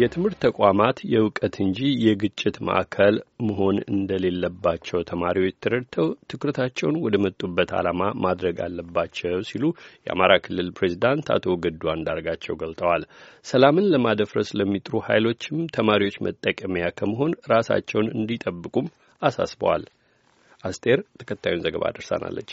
የትምህርት ተቋማት የእውቀት እንጂ የግጭት ማዕከል መሆን እንደሌለባቸው ተማሪዎች ተረድተው ትኩረታቸውን ወደ መጡበት ዓላማ ማድረግ አለባቸው ሲሉ የአማራ ክልል ፕሬዚዳንት አቶ ገዱ አንዳርጋቸው ገልጠዋል። ሰላምን ለማደፍረስ ለሚጥሩ ኃይሎችም ተማሪዎች መጠቀሚያ ከመሆን ራሳቸውን እንዲጠብቁም አሳስበዋል። አስቴር ተከታዩን ዘገባ አድርሳናለች።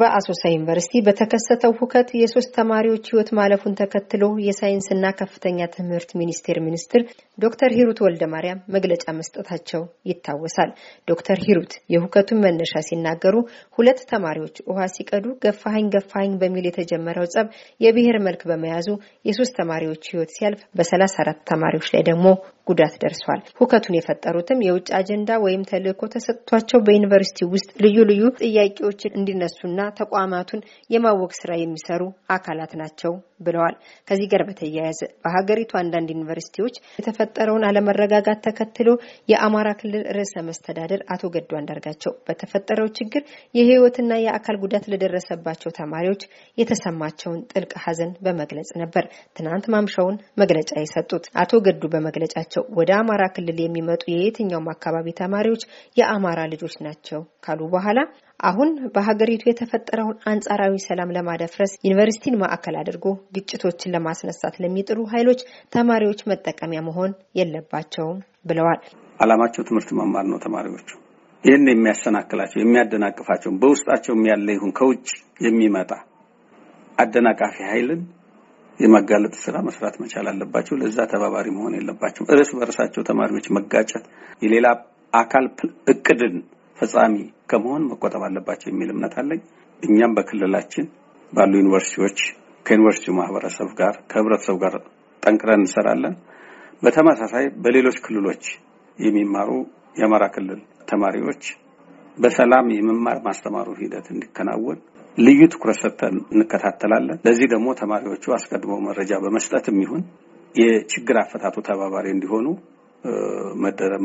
በአሶሳ ዩኒቨርሲቲ በተከሰተው ሁከት የሶስት ተማሪዎች ህይወት ማለፉን ተከትሎ የሳይንስና ከፍተኛ ትምህርት ሚኒስቴር ሚኒስትር ዶክተር ሂሩት ወልደ ማርያም መግለጫ መስጠታቸው ይታወሳል። ዶክተር ሂሩት የሁከቱን መነሻ ሲናገሩ ሁለት ተማሪዎች ውሃ ሲቀዱ ገፋሀኝ ገፋሀኝ በሚል የተጀመረው ጸብ የብሔር መልክ በመያዙ የሶስት ተማሪዎች ህይወት ሲያልፍ በሰላሳ አራት ተማሪዎች ላይ ደግሞ ጉዳት ደርሷል። ሁከቱን የፈጠሩትም የውጭ አጀንዳ ወይም ተልዕኮ ተሰጥቷቸው በዩኒቨርሲቲ ውስጥ ልዩ ልዩ ጥያቄዎችን እንዲነሱና ተቋማቱን የማወቅ ስራ የሚሰሩ አካላት ናቸው ብለዋል። ከዚህ ጋር በተያያዘ በሀገሪቱ አንዳንድ ዩኒቨርሲቲዎች የተፈ የተፈጠረውን አለመረጋጋት ተከትሎ የአማራ ክልል ርዕሰ መስተዳደር አቶ ገዱ አንዳርጋቸው በተፈጠረው ችግር የሕይወትና የአካል ጉዳት ለደረሰባቸው ተማሪዎች የተሰማቸውን ጥልቅ ሐዘን በመግለጽ ነበር ትናንት ማምሻውን መግለጫ የሰጡት። አቶ ገዱ በመግለጫቸው ወደ አማራ ክልል የሚመጡ የየትኛውም አካባቢ ተማሪዎች የአማራ ልጆች ናቸው ካሉ በኋላ አሁን በሀገሪቱ የተፈጠረውን አንጻራዊ ሰላም ለማደፍረስ ዩኒቨርሲቲን ማዕከል አድርጎ ግጭቶችን ለማስነሳት ለሚጥሩ ኃይሎች ተማሪዎች መጠቀሚያ መሆን የለባቸውም ብለዋል። ዓላማቸው ትምህርት መማር ነው። ተማሪዎቹ ይህን የሚያሰናክላቸው የሚያደናቅፋቸው በውስጣቸውም ያለ ይሁን ከውጭ የሚመጣ አደናቃፊ ኃይልን የማጋለጥ ስራ መስራት መቻል አለባቸው። ለዛ ተባባሪ መሆን የለባቸው። እርስ በርሳቸው ተማሪዎች መጋጨት የሌላ አካል እቅድን ፈጻሚ ከመሆን መቆጠብ አለባቸው የሚል እምነት አለኝ። እኛም በክልላችን ባሉ ዩኒቨርሲቲዎች ከዩኒቨርሲቲው ማህበረሰብ ጋር ከህብረተሰቡ ጋር ጠንክረን እንሰራለን። በተመሳሳይ በሌሎች ክልሎች የሚማሩ የአማራ ክልል ተማሪዎች በሰላም የመማር ማስተማሩ ሂደት እንዲከናወን ልዩ ትኩረት ሰጥተን እንከታተላለን። ለዚህ ደግሞ ተማሪዎቹ አስቀድሞ መረጃ በመስጠት የሚሆን የችግር አፈታቱ ተባባሪ እንዲሆኑ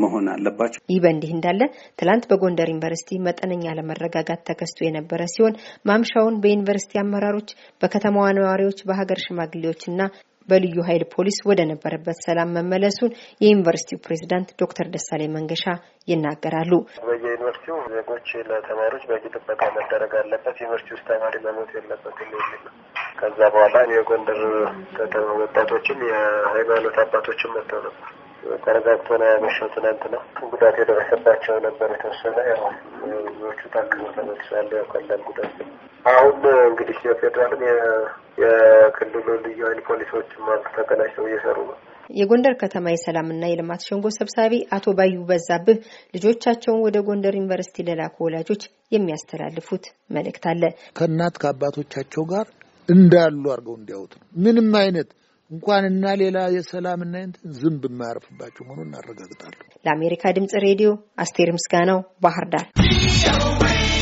መሆን አለባቸው። ይህ በእንዲህ እንዳለ ትላንት በጎንደር ዩኒቨርሲቲ መጠነኛ አለመረጋጋት ተከስቶ የነበረ ሲሆን ማምሻውን በዩኒቨርሲቲ አመራሮች፣ በከተማዋ ነዋሪዎች፣ በሀገር ሽማግሌዎችና በልዩ ኃይል ፖሊስ ወደ ነበረበት ሰላም መመለሱን የዩኒቨርሲቲው ፕሬዚዳንት ዶክተር ደሳሌ መንገሻ ይናገራሉ። በየዩኒቨርሲቲው ዜጎች ለተማሪዎች በቂ ጥበቃ መደረግ አለበት፣ ዩኒቨርሲቲ ውስጥ ተማሪ መሞት የለበትም የሚል ነው። ከዛ በኋላ የጎንደር ወጣቶችም የሃይማኖት አባቶችም መጥተው ነበር። ተረጋግቶ ነው ያመሸው። ትናንትና ጉዳት የደረሰባቸው ነበር የተወሰነ ያው ብዙዎቹ ታክሞ ተመልሷል። ቀላል ጉዳት አሁን እንግዲህ የፌዴራልም የክልሉ ልዩ ኃይል ፖሊሶችም አሉ ተቀናጅተው እየሰሩ ነው። የጎንደር ከተማ የሰላምና የልማት ሸንጎ ሰብሳቢ አቶ ባዩ በዛብህ ልጆቻቸውን ወደ ጎንደር ዩኒቨርሲቲ ለላኩ ወላጆች የሚያስተላልፉት መልእክት አለ። ከእናት ከአባቶቻቸው ጋር እንዳሉ አድርገው እንዲያዩት ምንም አይነት እንኳንና ሌላ የሰላምና እንትን ዝንብ የማያርፍባቸው መሆኑን እናረጋግጣለሁ። ለአሜሪካ ድምጽ ሬዲዮ አስቴር ምስጋናው ባህር ዳር